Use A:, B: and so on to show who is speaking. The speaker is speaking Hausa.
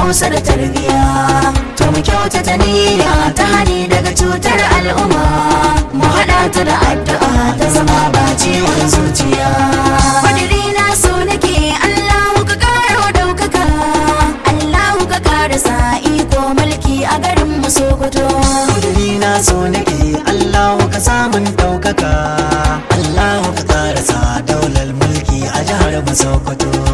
A: hausa da tarbiya to mu kyauta ta niyya ta hani daga cutar al'umma mu haɗa ta da
B: addu'a ta zama ba ciwon zuciya kwadiri
C: na so nake
D: allah muka karo ɗaukaka allah muka karasa iko mulki a garin mu sokoto kwadiri na so nake allah ka samun ɗaukaka allah muka karasa daular mulki a jihar mu sokoto